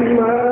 ما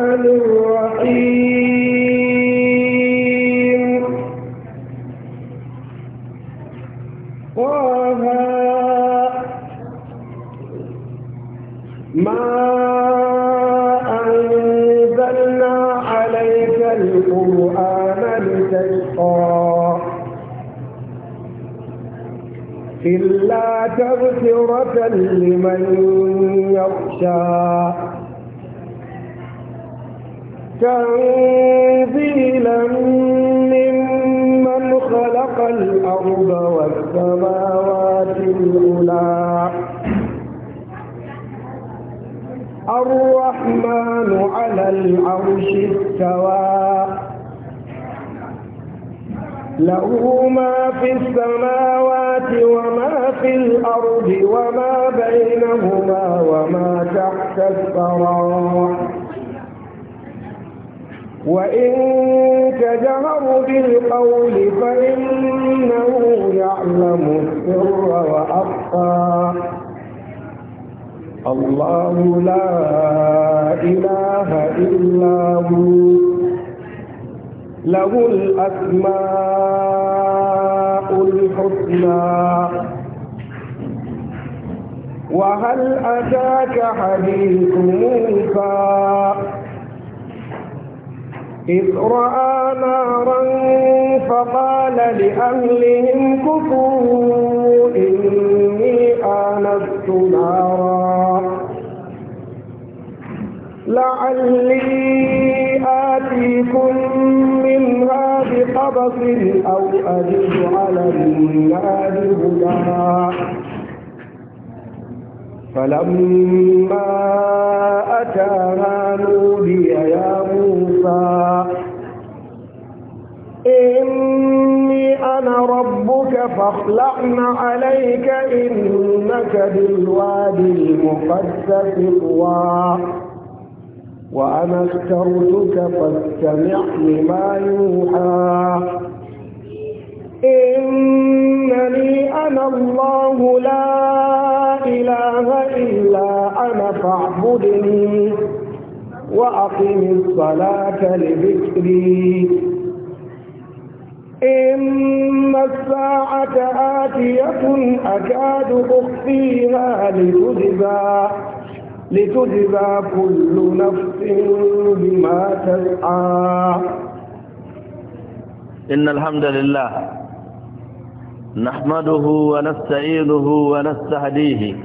على النار هدى فلما أتاها نودي يا موسى إني أنا ربك فاخلعن عليك إنك بالوادي المقدس طوى وأنا اخترتك فاستمع لما يوحى إنني أنا الله لا إله إلا أنا فاعبدني وأقم الصلاة لذكري إن الساعة آتية أكاد أخفيها لتجزى لتجزى كل نفس بما تسعى إن الحمد لله نحمده ونستعينه ونستهديه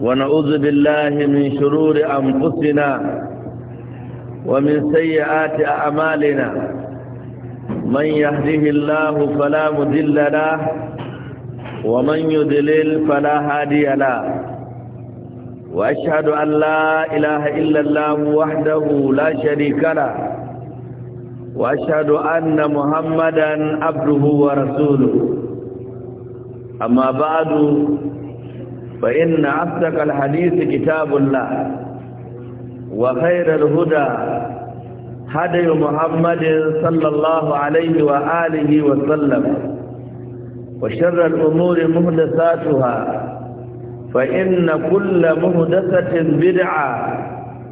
ونعوذ بالله من شرور أنفسنا ومن سيئات أعمالنا من يهده الله فلا مذل له ومن يذلل فلا هادي له وأشهد أن لا إله إلا الله وحده لا شريك له وأشهد أن محمدا عبده ورسوله أما بعد فإن أصدق الحديث كتاب الله وخير الهدى هدي محمد صلى الله عليه وآله وسلم وشر الأمور مهدساتها فإن كل مهدسة بدعة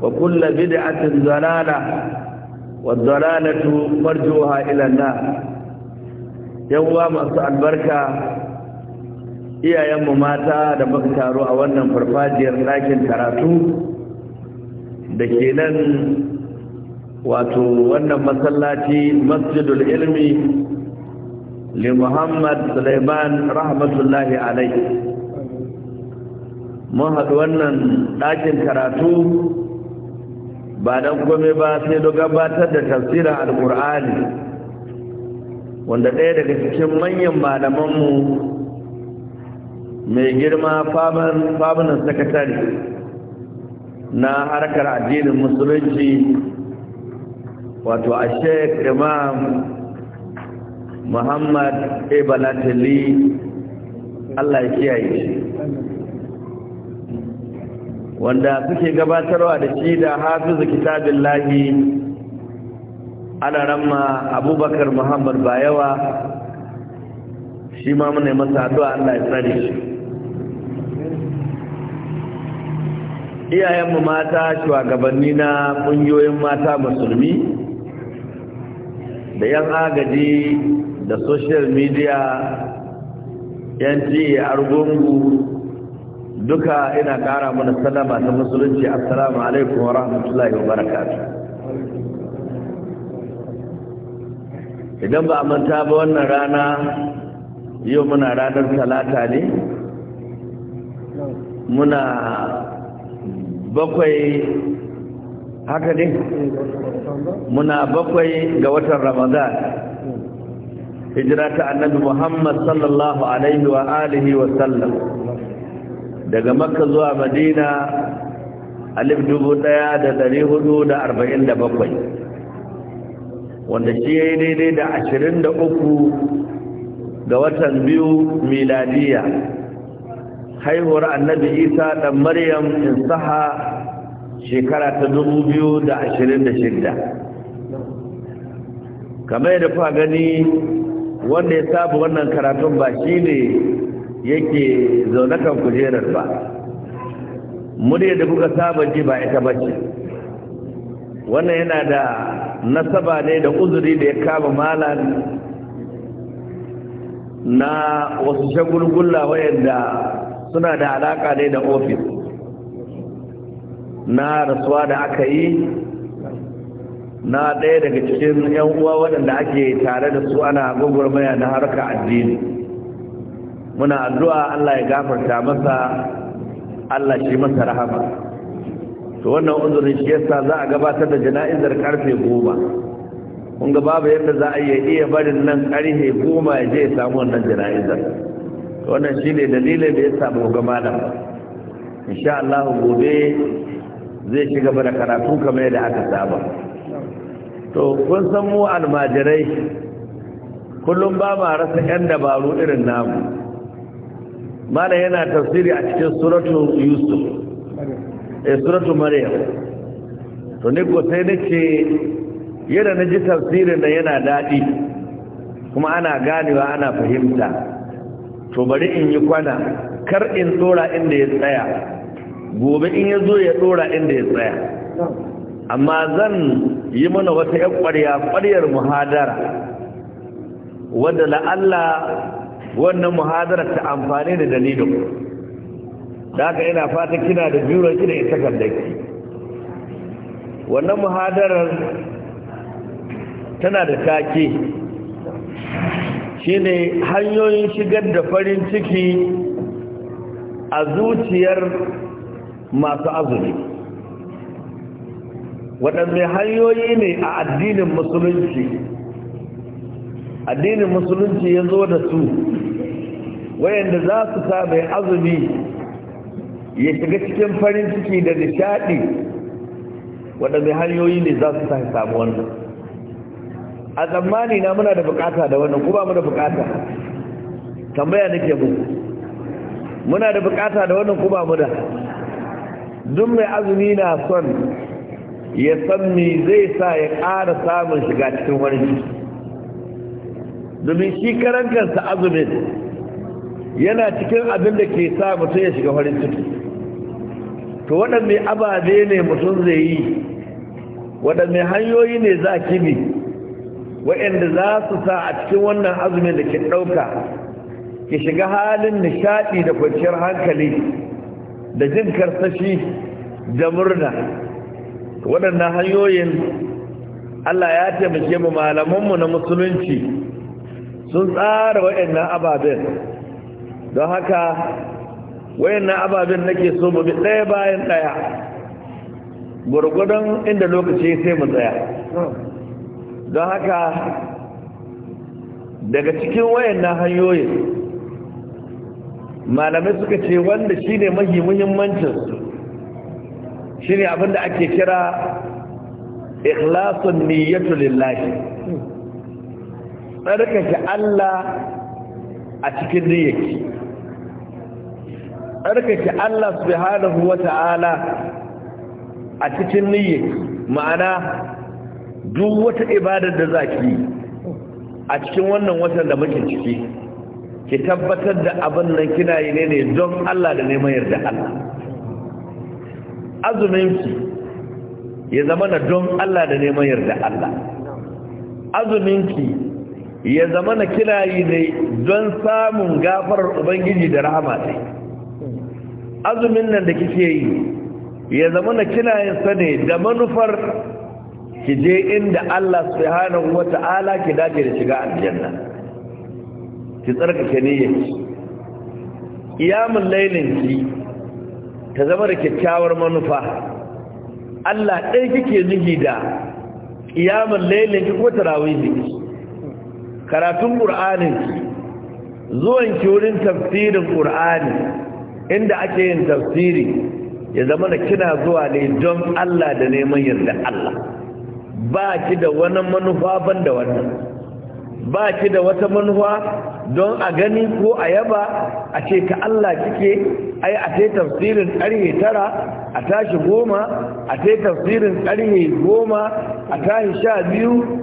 وكل بدعة ضلالة waddalalatu marjuha ila nar yawwa masu albarka Iyayen mu mata da muka taro a wannan farfajiyar ɗakin karatu da ke nan wato wannan masallaci masjidul ilmi li muhammad sulaiman rahmatullahi alai mun haɗu wannan ɗakin karatu ba don kome ba sai da gabatar da tafsirin alkur'ani wanda ɗaya daga cikin manyan malaman mu mai girma famunan sakatari na harkar addinin musulunci wato a sheik imam muhammad ibalatili allah ya kiyaye shi wanda suke gabatarwa da shi da hafizu kitabin lahi ana ramma abubakar muhammad bayawa shi ma muna masa addu'a allah ya tsare shi iyayenmu mata shugabanni na ƙungiyoyin mata musulmi da yan agaji da social media yan a argungu duka ina ƙara mana sallama ta musulunci assalamu alaikum wa rahmatullahi wa barakatuh idan ba a manta ba wannan rana yau muna ranar talata ne muna bakwai haka ne muna bakwai ga watan ramadan hijira ta annabi muhammad sallallahu alaihi wa alihi wa sallam daga makka zuwa madina alif dubu daya da dari hudu da arba'in da bakwai wanda shi ya yi daidai da ashirin da uku ga watan biyu miladiya haihuwar annabi isa dan maryam in saha shekara ta dubu biyu da ashirin da shida kamar yadda fa gani wanda ya saba wannan karatun ba shi ne yake zaune kan kujerar ba murya da kuka saba ji ba ita ba ce. wannan yana da nasaba ne da uzuri da ya kama malam na wasu shagulgulla wayanda suna da alaka ne da ofis na rasuwa da aka yi na ɗaya daga cikin 'yan uwa waɗanda ake tare da su ana gwagwarmaya na harka addini muna addu'a Allah ya gafarta masa Allah shi masa rahama to wannan uzurin shi yasa za a gabatar da jana'izar karfe goma kun ga babu yadda za a iya barin nan karfe goma ya je ya samu wannan jana'izar wannan shine ne dalilin da yasa mu ga malam insha Allah gobe zai ci gaba da karatu kamar yadda aka saba to kun san mu almajirai kullum ba ma rasa 'yan dabaru irin namu mana yana tafsiri a cikin suratun yusuf a eh, suratun maryam to ne ko sai nake yana na ji tafsirin da yana daɗi kuma ana ganewa ana fahimta to bari in yi kwana kar in tsora inda ya tsaya gobe in ya zo ya tsora inda ya tsaya amma zan yi mana wata 'yan ƙwarya ƙwaryar muhadara wadda la'alla wannan muhadarar ta amfani da dalilin da haka ina fata kina da juran ki da ita kallaki wannan muhadarar tana da take shine hanyoyin shigar da farin ciki a zuciyar masu azumi waɗanne hanyoyi ne a addinin musulunci addinin musulunci ya zo da su wayanda za su sa mai azumi ya shiga cikin farin ciki da nishadi waɗanda hanyoyi ne za su sa ya samu wannan a tsammani na muna da bukata da wannan kuma mu da bukata tambaya nake mu muna da bukata da wannan kuma mu da duk mai azumi na son ya san me zai sa ya ƙara samun shiga cikin wani domin shi karan kansa azumin yana cikin abin da ke sa mutum ya shiga farin ciki to waɗanne ababe ne mutum zai yi waɗanne hanyoyi ne za ki bi waɗanda za su sa a cikin wannan azumin da ke ɗauka ki shiga halin nishaɗi da kwanciyar hankali da jin karsashi da murna waɗannan hanyoyin Allah ya taimake mu malamanmu na musulunci sun tsara waɗannan ababen don haka waɗannan ababen nake so mu bi ɗaya bayan ɗaya gwargwadon inda lokaci sai mu tsaya don haka daga cikin waɗannan hanyoyin malamai suka ce wanda shine mahi shi shine abinda ake kira ikhlasun niyyatu lillahi tsarkake Allah a cikin niyyarki tsarkake Allah subhanahu wata'ala a cikin niyyarki ma'ana duk wata ibadar da zaki a cikin wannan watan da muke ciki ki tabbatar da abin nan kina yi ne don Allah da neman yarda Allah azuminki ya zama na don Allah da neman yarda Allah azuminki ya zama na kina yi ne don samun gafarar ubangiji da rahama ne azumin nan da kike yi ya zama na kina yin ne da manufar ki je inda Allah wata wata'ala ki dace da shiga aljanna ki tsarkake niyyarki iyamun lailin ki ta zama da kyakkyawar manufa Allah ɗaya kike nufi da iyamun lailin ki ko tarawih ki karatun ƙur'anin zuwan wurin tafsirin ƙur'ani inda ake yin tafsiri ya zama da kina zuwa ne don Allah da neman yarda Allah ba ki da wani manufa ban da wannan ba ki da wata manufa don a gani ko a yaba a ce ka Allah kike ai a ce tafsirin ƙarhe tara a tashi goma a ce tafsirin ƙarhe goma a tashi sha biyu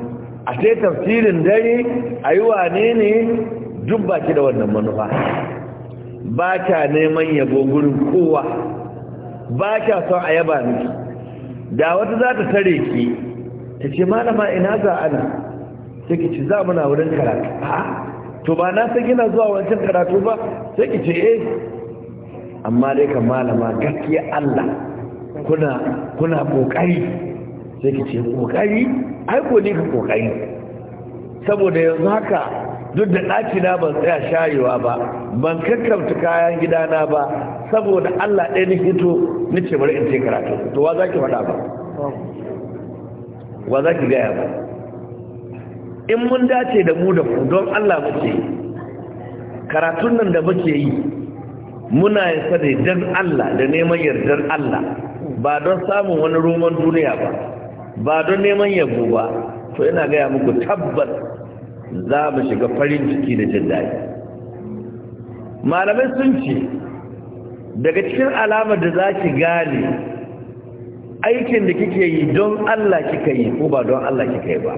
a sai tafsirin dare a yi wane ne duk ba ki da wannan manufa ba ta neman yabo gurin kowa ba ta son a yaba miki da wata za ta tare ki ta ce malama ina za ana sai ki ci za muna wurin karatu ha to ba na san kina zuwa wancan karatu ba sai ki ce eh amma dai ka malama gaskiya Allah kuna kuna kokari sai ki ce kokari ai ko ne ka kokari saboda yanzu haka duk da ɗakina ban tsaya shayewa ba ban kakkamta kayan gidana ba saboda Allah ɗaya na hito na ce bari in ce karatu to wa za ki faɗa ba wa za ki gaya ba in mun dace da mu da ku don Allah muke karatun nan da muke yi muna ya da dan Allah da neman yardar Allah ba don samun wani roman duniya ba ba don neman yabo ba to ina gaya muku tabbas za mu shiga farin ciki da jin daɗi malamai sun ce daga cikin alamar da za ki gane aikin da kike yi don Allah kika yi ko ba don Allah kika yi ba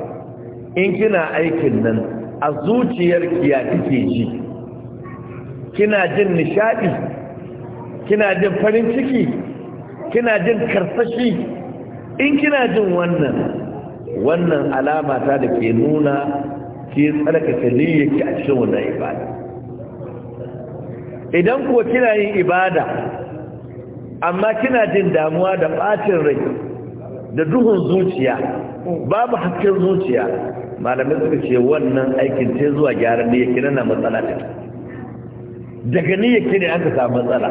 in kina aikin nan a zuciyarki ya kike ji kina jin nishaɗi? kina jin farin ciki kina jin karsashi in kina jin wannan wannan alama ta da ke nuna ke tsarkake ke a cikin wannan ibada idan ko kina yin ibada amma kina jin damuwa da bacin rai da duhun zuciya babu hakkin zuciya malamai suka ce wannan aikin ce zuwa gyara gyaran kina na matsala ne daga niyyarki ne aka samu matsala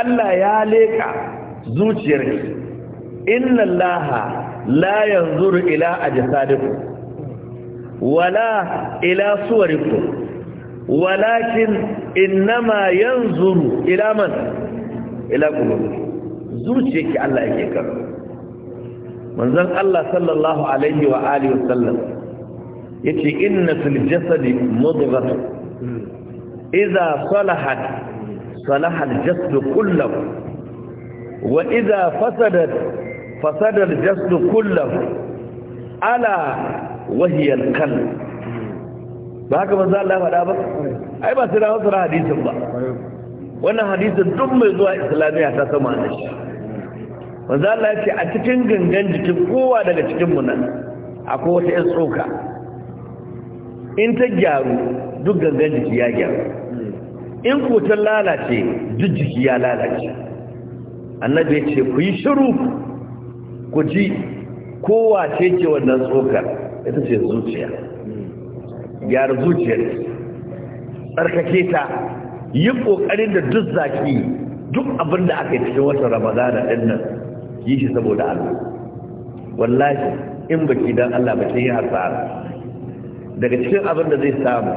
Allah ya leka zuciyarki inna allaha la yanzuru ila ajsadikum wala ila suwarikum walakin innama yanzuru ila man ila qulubikum zuciyarki Allah yake kallo manzon Allah sallallahu alaihi wa alihi wasallam yace inna fil jasadi mudghah idha salahat salaha al jasad kulluhu wa idha fasadat fasadar jasdu kullum ala wahiyar kan ba haka manzo Allah faɗa ba ai ba sai rawu sura ba wannan hadisin duk mai zuwa islamiyya ta sama da shi manzo Allah ce a cikin gangan jikin kowa daga cikin nan akwai wata ƴan tsoka in ta gyaru duk gangan jiki ya gyaru in ko lalace duk jiki ya lalace annabi ce ku yi shiru ku ji kowa ce ce wannan tsokar ita ce zuciya gyara zuciyar tsarkake ta yi ƙoƙarin da duk zaki duk abin da aka yi cikin watan ramadana ɗin nan yi shi saboda allah wallahi in baki dan allah ba yi hasara daga cikin abin da zai samu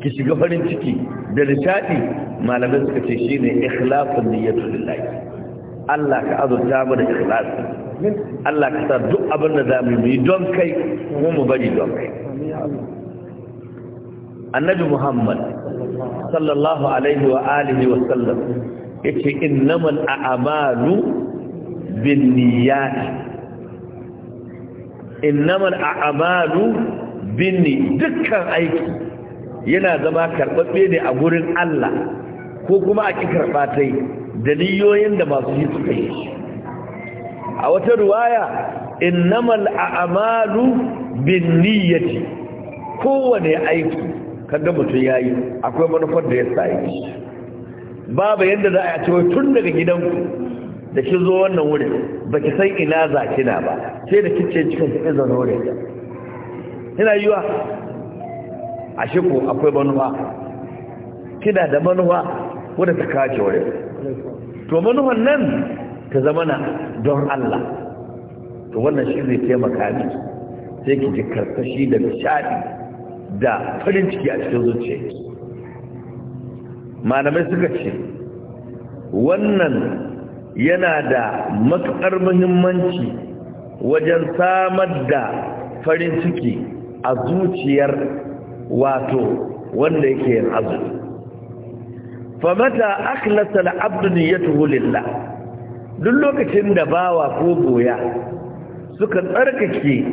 ki shiga farin ciki da nishaɗi malamai suka ce shi ne ikhlasun niyyatu lillahi Allah ka azurta mu da ikhlasi Allah ka sa duk abin da za mu yi don kai kuma mu bari don kai annabi muhammad sallallahu alaihi wa alihi wa sallam yace innamal a'malu binniyat innamal a'malu binni dukkan aiki yana zama karɓaɓɓe ne a gurin Allah ko kuma a ƙi karɓa ta yi da niyoyin da masu yi suka yi a wata ruwaya innamal a'malu binniyati kowane aiki kaga mutum yayi akwai manufar da ya sa babu yanda za a ce wai tun daga gidanku da ki zo wannan wurin baki san ina za kina ba sai da kice cikin ki zan wurin ina yiwa ashe ko akwai manufa kina da manufa wanda ta kace wurin to manufan nan ta zamana. don Allah to wannan shi zai taimaka ne sai ki ji karkashi da nishadi da farin ciki a cikin zuciyarki malamai suka ce wannan yana da matuƙar muhimmanci wajen samar da farin ciki a zuciyar wato wanda yake yin azumi famata akhlasa al'abdu niyyatuhu lillah duk lokacin da bawa ko goya suka tsarkake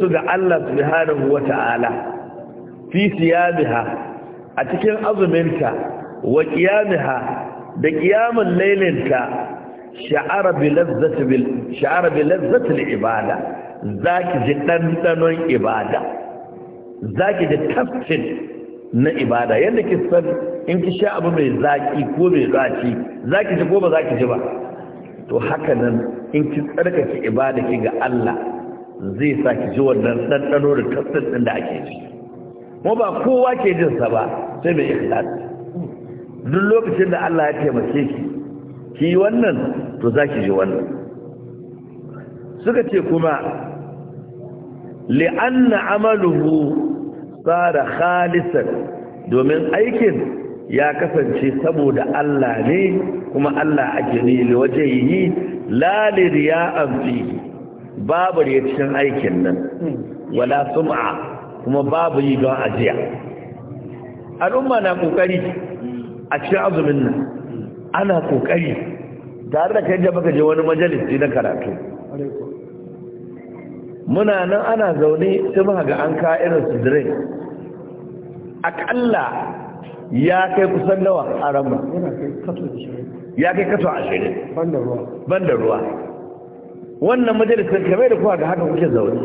su ga Allah subhanahu wata'ala fi siyabiha a cikin azuminta wa qiyamaha da qiyamul lailinta sha'ara bi lazzati bil sha'ara bi lazzati al ibada zaki ji dandanon ibada zaki ji tafsir na ibada yadda ki san in ki sha abu mai zaki ko mai zaci zaki ji ko ba zaki ji ba to haka nan in ki tsarkake ibada ki ga Allah zai sa ki ji wannan ɗanɗano da tasirin ɗin da ake ji Mu ba kowa ke jin sa ba sai mai ikhlas duk lokacin da Allah ya taimake ki ki wannan to zaki ji wannan suka ce kuma li'anna amaluhu sara khalisan domin aikin ya kasance saboda Allah ne kuma Allah ake ne waje yi lalir ya amfi babu ya cikin aikin nan wala sum'a kuma babu yi don ajiya al'umma na kokari a cikin azumin nan ana kokari tare da kai da baka je wani majalisi na karatu muna nan ana zaune sai muka ga an ka irin su dire akalla ya kai kusan nawa a ramar ya kai kato ashirin ban da ruwa wannan majalisar kamar da kuwa ga haka kuke zaune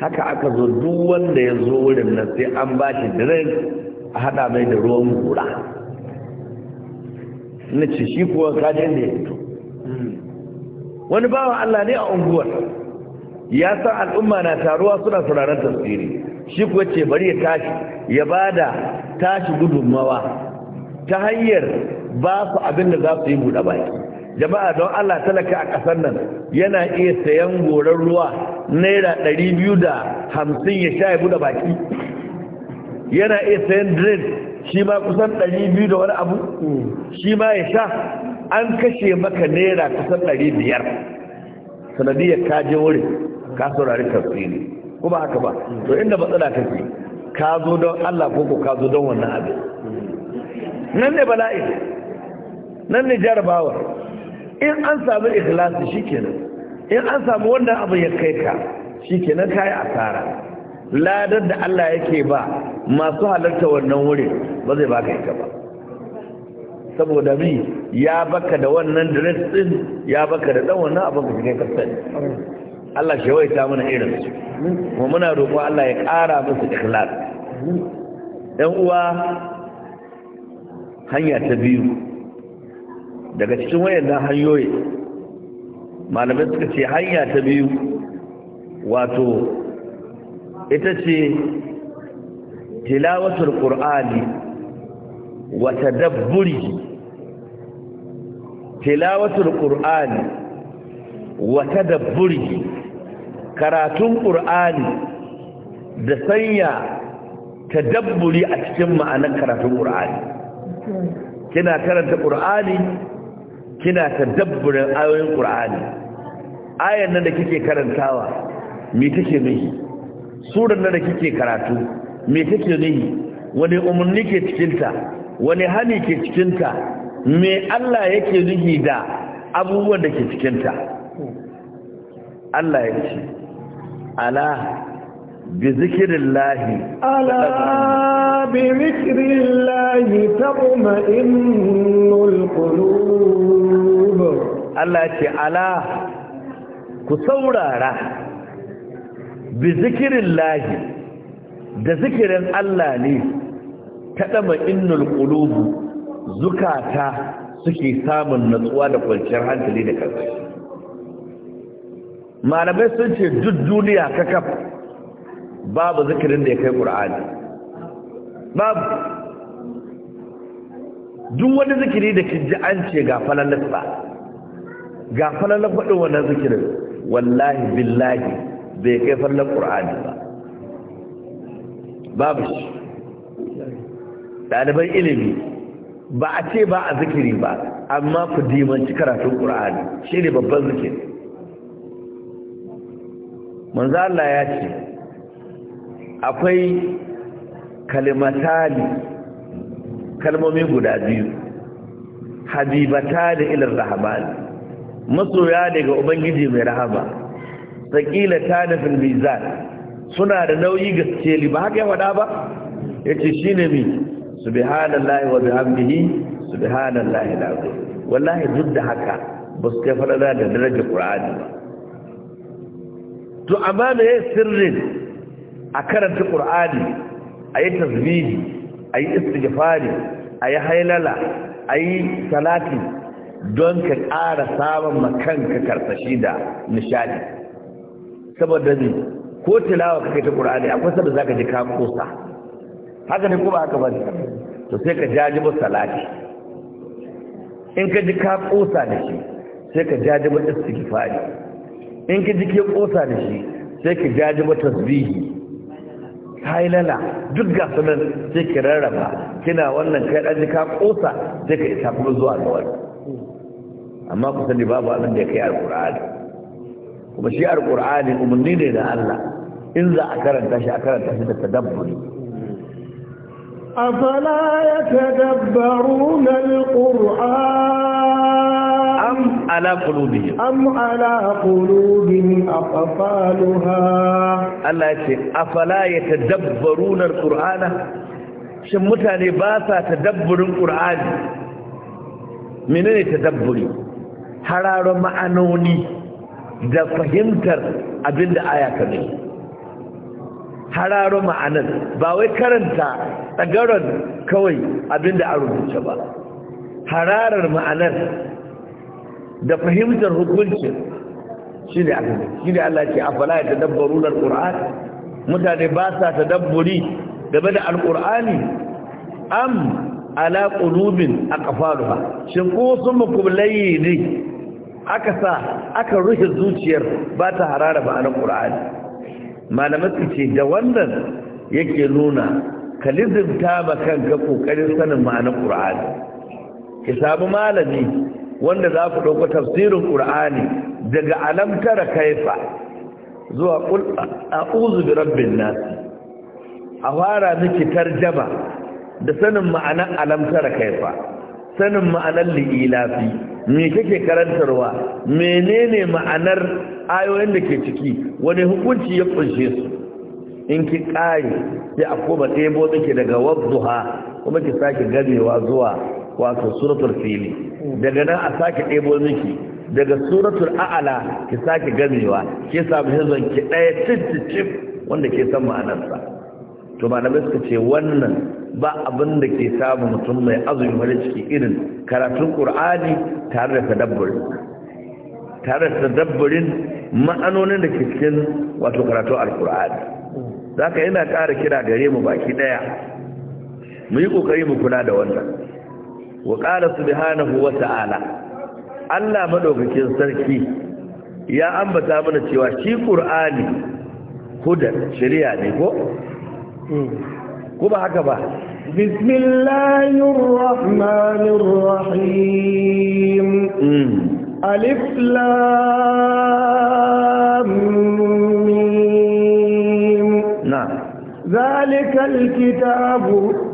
haka aka zo duk wanda ya zo wurin nan sai an ba shi direk a hada mai da ruwan gura na ce shi kuwa kajin da ya fito wani bawa Allah ne a unguwar ya san al'umma na taruwa suna sauraron tafsiri shi kuwa ce bari ya tashi ya ba da tashi gudunmawa ta hanyar ba su abin da za su yi buɗe baki jama'a don Allah talaka a ƙasar nan yana iya sayan goron ruwa naira ɗari biyu da hamsin ya sha ya buɗe baki yana iya sayan drain shi ma kusan ɗari biyu da wani abu shi ma ya sha an kashe maka naira kusan ɗari biyar sanadiyar kaje wurin ka saurari tafsiri kuma haka ba to inda matsala take ka zo don Allah ko ko ka zo don wannan abin nan ne bala'i nan ne jarabawa in an samu ikhlasi shikenan in an samu wannan abin ya kai ka shikenan kai asara ladar da Allah yake ba masu halarta wannan wurin ba zai baka ita ba saboda mi ya baka da wannan dress din ya baka da dan wannan abin da ka kasance Allah shi ta mana irin su kuma muna roƙo Allah ya ƙara musu ikhlasi ɗan uwa hanya ta biyu daga cikin wayannan hanyoyi malamai suka ce hanya ta biyu wato ita ce tilawatul ƙur'ani wa tadabburi tilawatul ƙur'ani wa tadabburi karatun ƙur'ani da sanya tadabburi a cikin ma'anar karatun ƙur'ani kina karanta ƙur'ani kina tadabburin ayoyin ƙur'ani ayan nan da kike karantawa me take nuhi suran nan da kike karatu me take nuhi wani umarni ke cikinta wani hani ke cikinta me Allah yake nuhi da abubuwan da ke cikinta Allah ya ce ala بذكر الله ألا بذكر الله تطمئن القلوب الله تعالى كثورة بذكر الله da zikirin Allah ne kaɗama innul ƙulubu zukata suke samun natsuwa da kwanciyar hankali da kansu malamai sun ce duk duniya kakaf babu zikirin da ya kai ƙur'ani babu duk wani zikiri da kin ji an ce ga falalarsa ga falalar faɗin wannan zikirin wallahi billahi bai kai falalar ƙur'ani ba babu shi ɗaliban ilimi ba a ce ba a zikiri ba amma ku dimanci karatun ƙur'ani shi ne babban zikiri manzo Allah ya ce akwai kalimatali kalmomi guda biyu habibatali ilar rahamani masoya daga ubangiji mai rahama ta da mizan suna da nauyi gaske ba haka ya wada ba ya ce shi ne mi lahi wa bihamdihi lahi alazim wallahi duk da haka ba su kai fadada da darajar ƙura'ani ba to amma me sirrin a karanta ƙur'ani a yi tasbihi a yi istighfari a yi hailala a yi salati don ka ƙara samun makanka karsashi da nishadi saboda ne ko tilawa kake ta ƙur'ani akwai sabu za ka ji ka kosa haka ne kuma haka bane to sai ka jajibo salati in ka ji ka kosa da shi sai ka jajibo istighfari in ka ji ke kosa da shi sai ka jajibo tasbihi hailala duk ga sunan sai ki rarraba kina wannan kai ɗan ka kosa sai ka isa kuma zuwa ga wani amma ku sani babu abin da ya kai alqur'ani kuma shi alqur'ani umarni ne da Allah in za a karanta shi a karanta shi da tadabburi afala yatadabbaruna alqur'an على قلوبهم أم على قلوبهم أقفالها الله يقول أفلا يتدبرون القرآن shin mutane ba sa tadabburin ƙur'ani menene tadabburi hararo ma'anoni da fahimtar abinda aya ta ne hararo ma'anar ba wai karanta tsagaron kawai abinda a rubuce ba hararar ma'anar da fahimtar hukuncin shi ne aka shi ne Allah ce afala ya tadabbaru da alƙur'ani mutane ba sa tadabburi game da Al-Qur'ani? am ala qulubin aqfaluha shin ko sun mukullayi ne aka sa aka rufe zuciyar ba ta harara ba alƙur'ani malamai su ce da wannan yake nuna ta ba kan ga kokarin sanin ma'anar ƙur'ani ki malami wanda za ku ɗauka tafsirin ƙur'ani daga alamtara kaifa zuwa a'udhu bi rabbin nas a fara miki tarjama da sanin ma'anar alamtara kaifa sanin ma'anar li'ilafi me kake karantarwa menene ma'anar ayoyin da ke ciki wani hukunci ya kunshe su in ki ƙare ya a koma ɗebo take daga wazuha kuma ki sake gamewa zuwa wato suratul fili daga nan a sake ɗebo miki daga suratul a'ala ki sake gamewa ke samu hizon ki ɗaya cip wanda ke san ma'anarsa to malamai suka ce wannan ba abin da ke samu mutum mai azumi wani ciki irin karatun ƙur'ani tare da tadabburin tare da tadabburin ma'anonin da ke cikin wato karatu alƙur'ani za ka yana ƙara kira gare mu baki ɗaya mu yi ƙoƙari mu kula da wannan wa qala subhanahu wa ta'ala Allah madaukakin sarki ya ambata mana cewa shi qur'ani hudar shari'a ne ko hmm. ko ba haka ba bismillahir rahmanir rahim hmm. alif lam mim na zalikal kitabu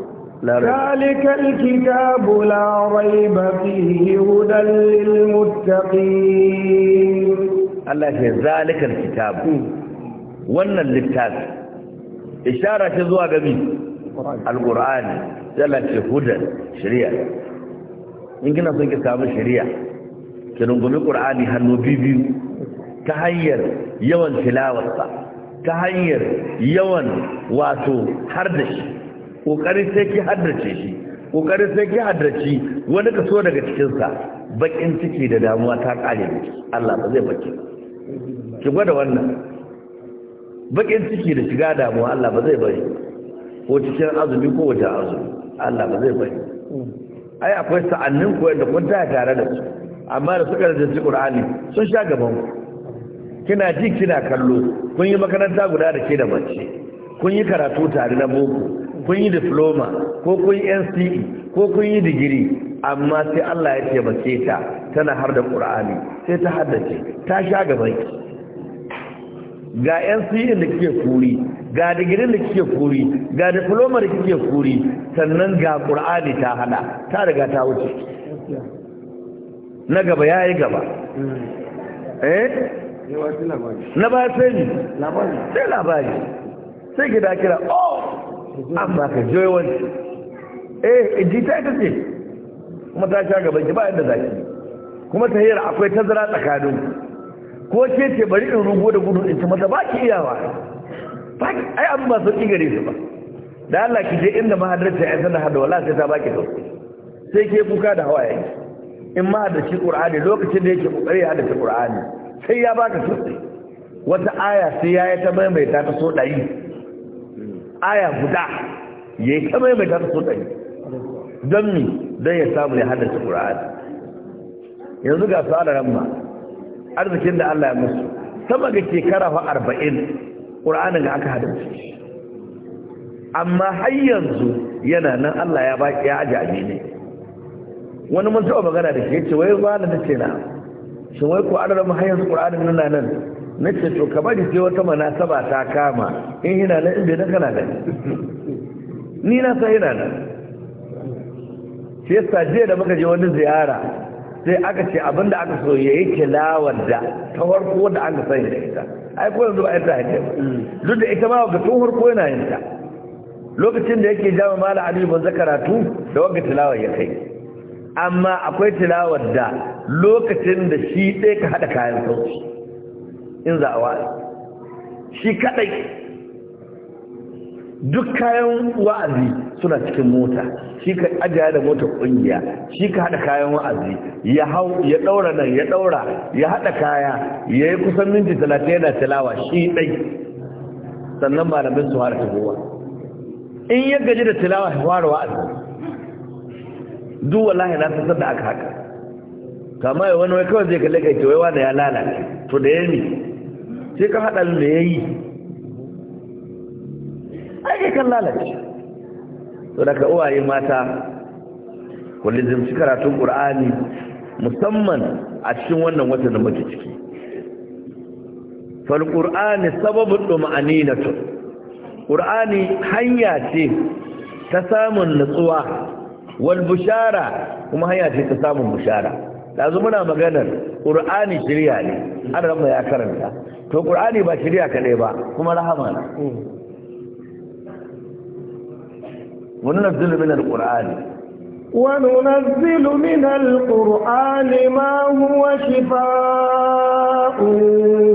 ذلك الكتاب لا ريب فيه هدى للمتقين الله ذلك الكتاب wannan littafi ishara ce zuwa ga bi alqur'ani yana ce hudan shari'a in kina son ki samu shari'a ki rungumi ƙur'ani hannu biyu ta hanyar yawan tilawarsa ta hanyar yawan wato har da shi ƙoƙarin sai ki haddace shi ƙoƙarin sai ki haddace wani kaso daga cikinsa baƙin ciki da damuwa ta ƙare miki Allah ba zai baki ki gwada wannan baƙin ciki da shiga damuwa Allah ba zai bari ko cikin azumi ko wajen azumi Allah ba zai bari ai akwai sa'annin koyar da kun taya tare da su amma da suka rajin Qur'ani sun sha gaban ku kina ji kina kallo kun yi makaranta guda da ke da mace kun yi karatu tare na boko kun yi diploma ko kun yi NCE ko kun yi digiri amma sai Allah ya taimake ta tana har da Qur'ani sai ta haddace ta sha gaban ki ga NCE da kike kuri ga digirin da kike kuri ga diploma da kike kuri sannan ga Qur'ani ta hada ta riga ta wuce na gaba yayi gaba eh, eh na ba sai ni labari sai labari sai gida kira oh an ba wani eh jita ita ce kuma ta sha gaban ki ba yadda za kuma ta hira akwai tazara tsakanin ko ce ce bari in rugo da gudu in ci mata ba ki iyawa ba ki ai abu ba sauki gare su ba da Allah ki je inda mahadarta ya sanar hada wala sai ta baki to sai ke kuka da hawaye in ma da shi qur'ani lokacin da yake kokari ya hada qur'ani sai ya baka sauki wata aya sai ya yi ta maimaita ta so dai aya guda ya yi kamar mai tafi sotari don mi don ya samu ya haddace ƙura'ani yanzu ga su hada ramma arzikin da Allah ya musu sama ga shekara fa arba'in ƙura'anin da aka haddace amma har yanzu yana nan Allah ya ba ya ajiye ne wani mun taɓa magana da ke ce wai da na ce na shi wai ko an rama har yanzu na nan na ce to ka bari sai wata saba ta kama in hina nan in bai na kana da ni na sa hina nan sai yasa jiya da muka je wani ziyara sai aka ce abinda aka so ya yi kilawar da ta farko da aka sani da ita ai ko yanzu ba ta hajji mm. duk da ita ma ga tun farko yana yin ta lokacin da yake jama mala aliyu ban zakaratu da wanga tilawar ya kai amma akwai tilawar da lokacin da shi ɗaya ka haɗa kayan sauci in za a wa'azi shi kadai duk kayan wa'azi suna cikin mota shi ka ajiya da mota kungiya shi ka hada kayan wa'azi ya hau ya daura nan ya daura ya hada kaya ya yi kusan minti talatin yana talawa shi dai sannan malamin su fara tabowa in ya gaji da tilawa ya fara wa'azi duk wallahi na san da aka haka kama ya wani wai kawai zai kalle kai to wai ya lalace to da ya ne sai ka haɗa da ya yi aiki kan lalace to daga uwaye mata kullum zimci karatun ƙur'ani musamman a cikin wannan watan da muke ciki falƙur'ani sababin ɗuma'ani na tun ƙur'ani hanya ce ta samun nutsuwa wal bushara kuma hanya ce ta samun bushara yanzu muna maganar qur'ani shirya ne an rama ya karanta to qur'ani ba shirya kaɗai ba kuma rahama ne wani na zilu minar ƙur'ani wani na zilu minar ƙur'ani ma huwa shifa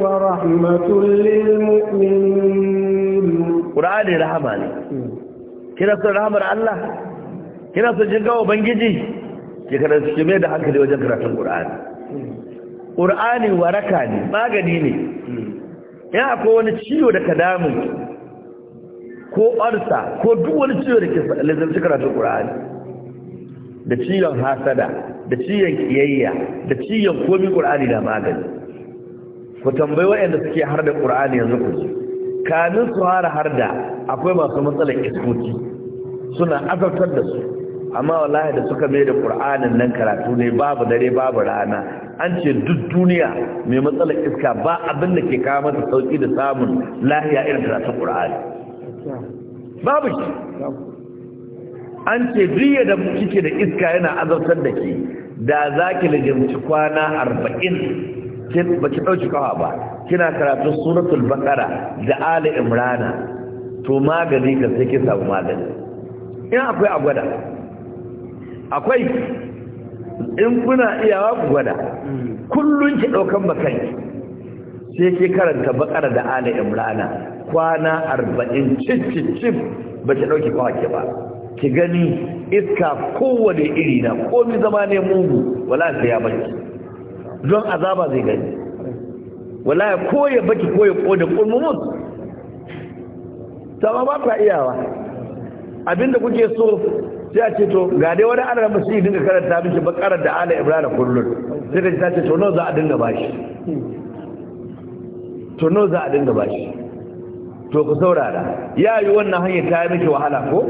wa rahmatun lilmu'min ƙur'ani rahama ne kira su rahamar Allah kira su jirga bangiji? ke kada suke mai da hankali wajen karatun ƙur'ani ƙur'ani waraka ne magani ne ya akwai wani ciwo da ka ko arsa ko duk wani ciwo da ke lizarci karatun ƙur'ani da ciwon hasada da ciwon kiyayya da ciwon komi ƙur'ani da magani ku tambayi waɗanda suke har da ƙur'ani yanzu ku ji su har har da akwai masu matsalar iskoki suna azabtar da su amma wallahi da suka mai da qur'anin nan karatu ne babu dare babu rana an ce duk duniya mai matsalar iska ba abin da ke kawo mata sauki da samun lahiya irin da karatun qur'ani babu shi an ce duk da kike da iska yana azabtar da ke da zaki lajimci kwana arba'in ba ki ɗauki kawa ba kina karatun suratul bakara da ali imrana to magani ka sai ki samu magani in akwai a gwada akwai in kuna iyawa ku gwada kullun ki daukan bakai sai ki karanta bakara da ala imrana kwana 40 cin ba ki dauki ke ba ki gani iska kowane iri na komi zama ne mugu wala sai ya baki don azaba zai gani wala ya koya baki koya kone kulmumus sama ba ta iyawa abinda kuke so sai a ce to ga dai wani ana masu yi dinga karanta mishi bakarar da ala ibrahim kullum sai da ta ce to nawa za a dinga bashi to nawa za a dinga bashi to ku saurara ya yi wannan hanyar ta yi miki wahala ko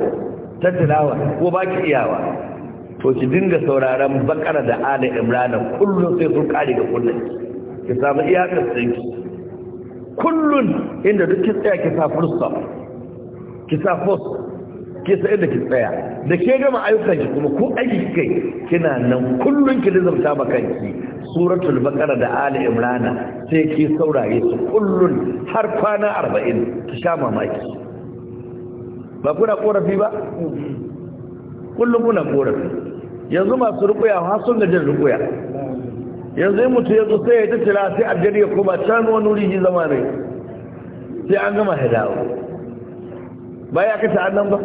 tattalawa ko ba ki iyawa to ki dinga sauraron bakara da ala ibrahim kullum sai sun kare ga kullum ki samu iyakar sanki. kullum inda duk ki tsaya ki sa fursa ki sa fursa ke sai da ki tsaya da ke gama ayyukan ki kuma ko aiki kai kina nan kullun ki lizamta ba kanki suratul baqara da ali imran sai ki saurare su kullun har kwana 40 ki sha mamaki ba kuna korafi ba kullun kuna korafi yanzu masu rukuya ha sun gajin rukuya yanzu mutu yanzu sai ya ta tira sai a ya kuma can wani wuri zama ne sai an gama ya dawo ba ya kashe annan ba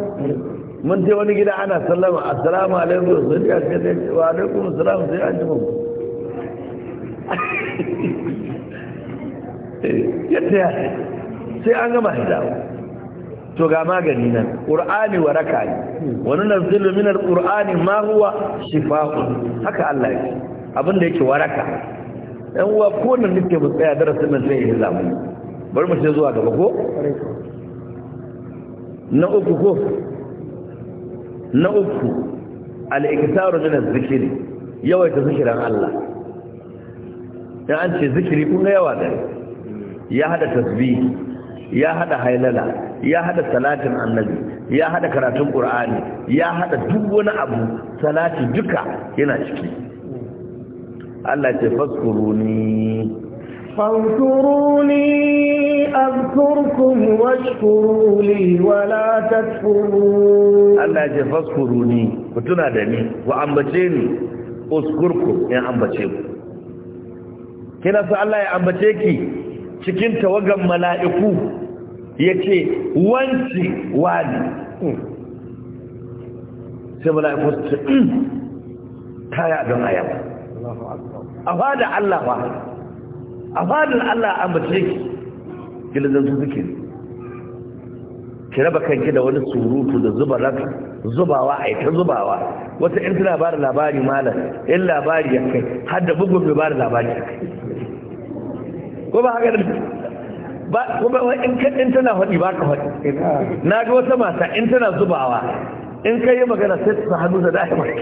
mun je wani gida ana sallama assalamu alaikum sai ya ce wa alaikum assalam sai an ji mu yadda ya sai an gama da to ga magani nan qur'ani waraka ne wani nazilu min alqur'ani ma huwa shifaa'un haka Allah ya ce abin da yake waraka yan uwa ko nan nake mu tsaya darasin nan sai ya zama bari mu sai zuwa gaba ko na uku ko na uku al'iktaru min az-zikri yawaita zikiran Allah dan an ce zikiri kun yawa da ya hada tasbih ya hada hailala ya hada salatin annabi ya hada karatun qur'ani ya hada duk wani abu salati duka yana ciki Allah ce faskuruni فاذكروني أذكركم واشكروا لي ولا تكفرون الله يجي فاذكروني وتنا دني وأنبتيني أذكركم يا أنبتيكم kina su Allah ya ambace ki cikin tawagan mala'iku ya ce wanci wani sai mala'iku su ce kaya don ayaba a fada Allah ba a fadin Allah an mace ki gilazan su suke ki raba kanki da wani surutu da zuba raka zubawa a ta zubawa wata in tana ba da labari malam in labari ya kai har da bugun bai ba da labari ya kai ko ba haka ba kuma in ka tana faɗi ba ka faɗi na ga wata mata in tana zubawa in kai yi magana sai ta hannu da dahi mai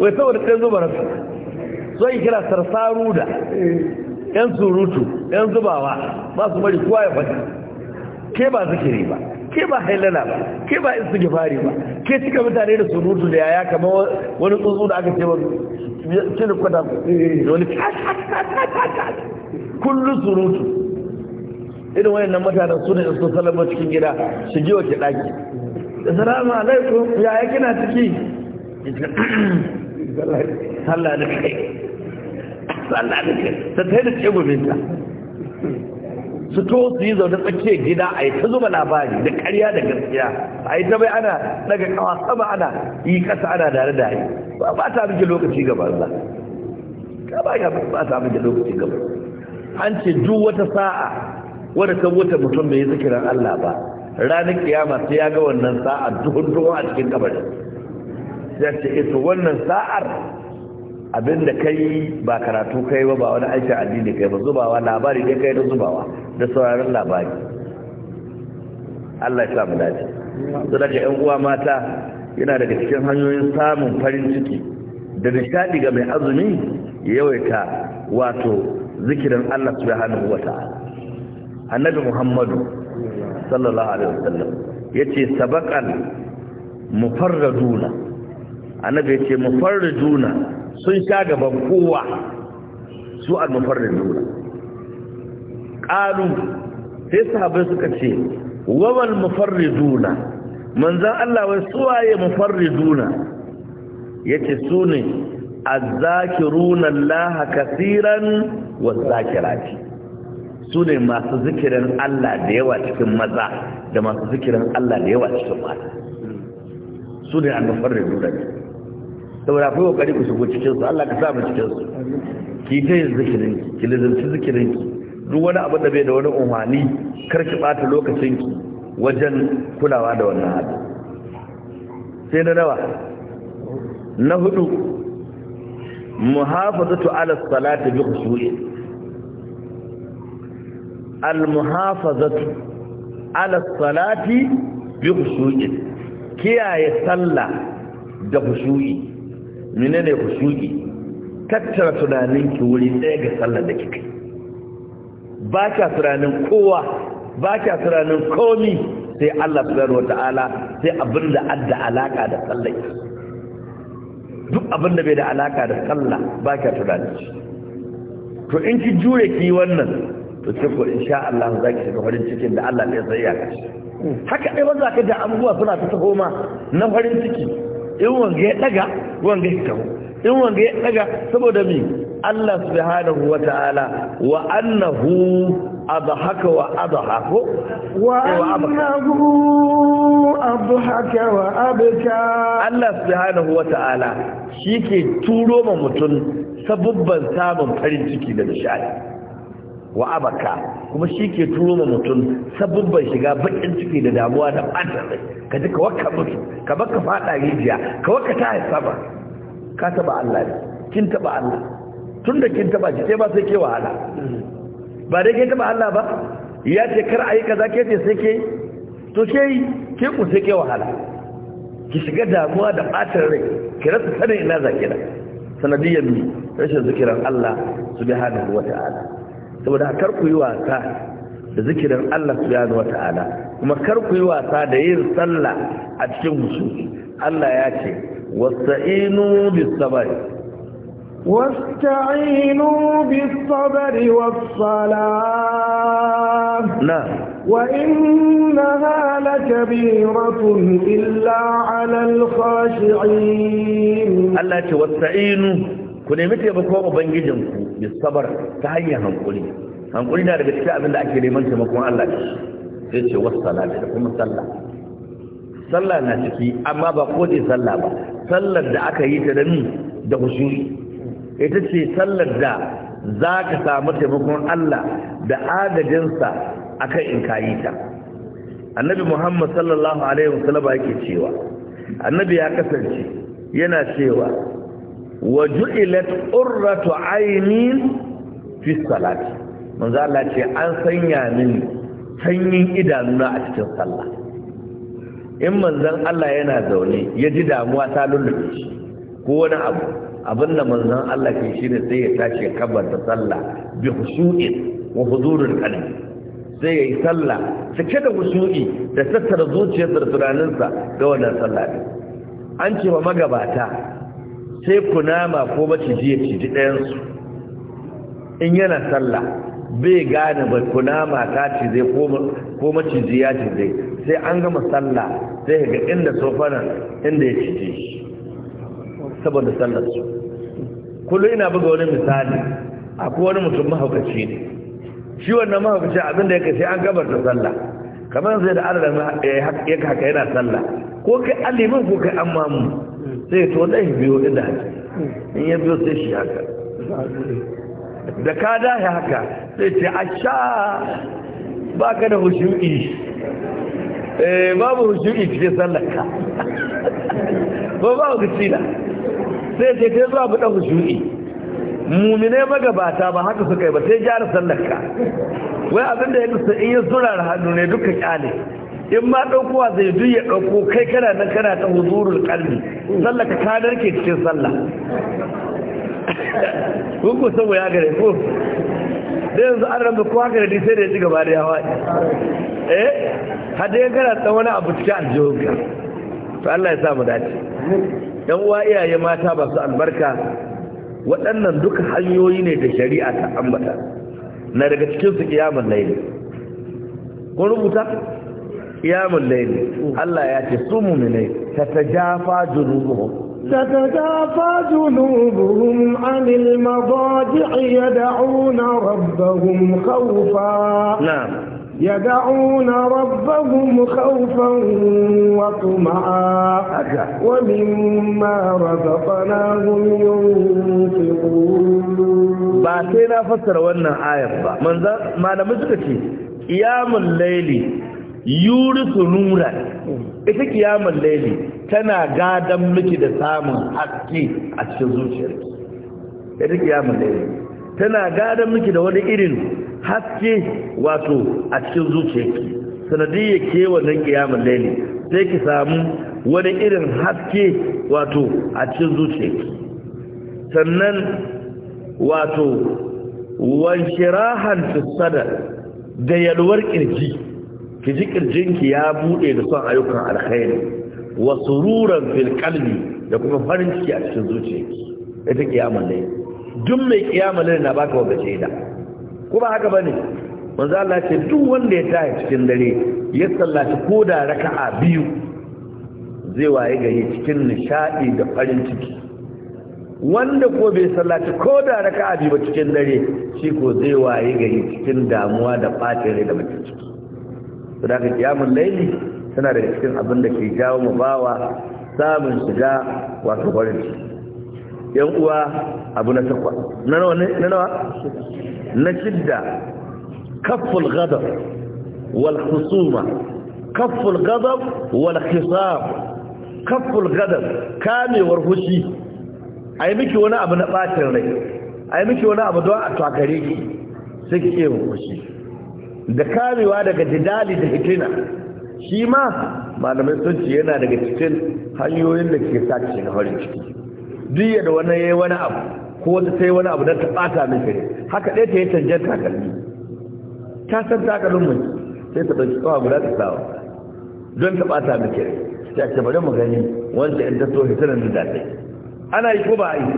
wai saboda sai zuba so kira sarsaru da yan surutu yan zubawa ba su bari kowa ya faɗi ke ba zikiri ba ke ba hailala ba ke ba gifari ba ke cika mutane da surutu da yaya kamar wani tsuntsu da aka ce ba cin kwata da wani kullum surutu irin wayannan mutanen su ne su salama cikin gida su ji wace ɗaki salama alaikum yaya kina ciki sallah da kai Allah da ke ta ta da su to su yi zaune tsakiyar gida a yi ta zuba labari da karya da gaskiya a yi ta bai ana daga kawa sama ana yi kasa ana dare da yi ba ta miki lokaci gaba ba ka ba ya ba ta miki lokaci gaba an ce duk wata sa'a wadda ta wuce mutum bai yi zikirin Allah ba ranar kiyama sai ya ga wannan sa'a duhun duhun a cikin kabarin ya ce ita eh, wannan sa'ar abinda kai ba karatu kai ba ba wani aikin addini kai ba zubawa labari ne kai da zubawa da sauraron labari Allah ya samu dace da daga yan uwa mata yana daga cikin hanyoyin samun farin ciki da nishadi ga mai azumi yawaita wato zikirin Allah subhanahu wata'ala annabi Muhammadu sallallahu alaihi wasallam yace sabaqan mufarraduna annabi yace mufarraduna sun sha gaban kowa su al da nuna Ƙanu sai sahabbai suka ce da nuna, manzan Allah wai suwaye runan laha kasiran wa zaki rafi. Su ne masu zikirin Allah da yawa cikin maza da masu zikirin Allah da yawa cikin mata Su ne da nuna ne. saboda ku kokari ku shigo cikin su Allah ka sa mu cikin su ki ta yin zikirin ki lazanci zikirin ki duk wani abu da bai da wani umarni, kar ki bata lokacin ki wajen kulawa da wannan abu sai na nawa na hudu muhafazatu ala salati bi khushu'i al muhafazatu ala salati bi khushu'i kiyaye sallah da khushu'i menene ku shuki tattara tunanin ki wuri ɗaya ga sallar da kika ba ka tunanin kowa ba ka tunanin komi sai Allah subhanahu wata'ala sai abin da adda alaka da sallar duk abin da bai da alaka da sallah ba ka tunanin shi to in ki jure ki wannan to sai ko insha Allah za ki shiga farin cikin da Allah ne zai yaka haka dai ba za ka da abubuwa suna ta taho na farin ciki in wanga ya daga wanga ya kawo in wanga ya daga saboda mi Allah subhanahu wa ta'ala wa annahu adhaka wa adha ko wa eh, annahu adhaka wa abka Allah subhanahu wa ta'ala shike turo mutun sabubban samun farin ciki da nishadi wa abaka kuma shi ke turo ma mutum sabbin bai shiga bakin ciki da damuwa da ɓata rai ka ji ka waka mutu ka baka faɗa rijiya ka waka ta haifa ba ka taɓa Allah ne kin taɓa Allah tun da kin taɓa shi ke ba sai ke wahala ba dai kin taɓa Allah ba ya ce kar a yi kaza ke ce sai ke to ke yi ke ku sai ke wahala ki shiga damuwa da ɓatar rai ki rasa sanin ina zaki da sanadiyyar rashin zikirar Allah subhanahu wa ta'ala saboda kar ku yi wasa da zikirin Allah wa wata'ala kuma kar ku yi wasa da yin sallah a cikin hususi Allah ya ce wasta'inu bis sabr wasta'inu bis sabr was salah na wa innaha lakabiratun illa 'alal khashi'in Allah ya ce wasta'inu ku nemi taimakon ubangijinku bi sabar ta hanyar hankuri hankuri na daga cikin abin da ake neman taimakon Allah ne sai ce wasu da kuma sallah sallah na ciki amma ba ko ce sallah ba sallar da aka yi ta da ni da husuri ita ce sallar da za ka samu taimakon Allah da agajinsa akan in kayi ta annabi Muhammad sallallahu alaihi wasallam yake cewa annabi ya kasance yana cewa wa ju'ilat qurratu ayni fi salati manzo Allah ce an sanya min sanyin idanuna a cikin sallah in manzon Allah yana zaune ya ji damuwa ta lullube shi ko wani abu abin da manzon Allah ke shi ne sai ya tashi kabar da sallah bi husu'i wa huzurul qalbi sai ya yi sallah cike da husu'i da tattara zuciyarsa da tunaninsa ga wannan sallah an ce wa magabata sai kunama ko maciji ya ciji ɗayansu in yana sallah bai gane ba kunama ta cizai ko maciji ya cizai sai an gama sallah sai ga inda sofanan inda ya ciji saboda sallar su kullu ina buga wani misali akwai wani mutum mahaukaci ne shi wannan mahaukaci abinda ya sai an gabar da sallah kamar sai da adadin ya haka yana sallah ko kai alimin ko kai amamu sai to dai biyo inda haka in ya biyo sai shi haka da ka dahi haka sai ce a sha ba ka da hushu'i eh, babu hushu'i sallah ka ba ba hushu'i sai ce ta zuwa buɗa hushu'i muminai magabata ba haka suka yi ba sai gyara ka wai abin da ya kusa in ya zura hannu ne duka kyale in ma ɗaukowa zai duk ya ɗauko kai kana nan kana ta huzurul kalbi sallah ka kadar ke cikin sallah kun ku san ya gare ko da yanzu an rambu kowa gare ni sai da ya ci gaba da yawa eh hada ya kana ta wani abu cikin aljihunka to Allah ya sa mu dace dan uwa iyaye mata ba su albarka waɗannan duka hanyoyi ne da shari'a ta ambata na daga cikin su qiyamul layl ko rubuta qiyamul layl Allah ya ce su mu'minai tatajafa junubuhum تتجافى جنوبهم عن المضاجع يدعون ربهم خوفا نعم يدعون ربهم خوفا وطمعا ومما رزقناهم ينفقون ba sai na fassara wannan ayar ba manzan malamai suka ce kiyamun laili yurisu nuran ita kiyamun tana gadan miki da samun haske a cikin zuciyarki ita laili tana gadon miki da wani irin haske wato a cikin zuciyarki sanadiyya ke wannan kiyamun laili sai ki samu wani irin haske wato a cikin zuciyarki sannan wato wanshirahan fisada da yalwar kirji ki ji kirjinki ya bude da son ayyukan alkhairi wa sururan fil qalbi da kuma farin ciki a cikin zuciyarki ita kiyamun laili duk mai kiyama lalle na baka wata shaida ko ba haka bane manzo Allah ce duk wanda ya taya cikin dare ya sallaci ko da raka'a biyu zai waye gari cikin nishadi da farin ciki wanda ko bai sallaci ko da raka'a biyu ba cikin dare shi ko zai waye gari cikin damuwa da bacin rai da bakin ciki saboda haka kiyamul laili tana daga cikin abin da ke jawo mu bawa samun shiga wato farin ciki yan uwa abu na takwa na nawa na nawa na shidda kafful ghadab wal khusuma kafful ghadab wal khisab kafful ghadab kamewar fushi ai miki wani abu na bacin rai ai miki wani abu don a takare ki sai ki kewa fushi da kamewa daga jidali da hitina shi ma malamai sun ce yana daga cikin hanyoyin da ke sa cikin farin ciki duk da wani yayi wani abu ko ta sai wani abu da ta bata min haka dai ta yi canjar takalmi ta san takalmin mu sai ta dauki kawa guda ta tsawa don ta bata min sai ta ce bari mu gani wanda in ta so hitaran da dai ana yi ko ba yi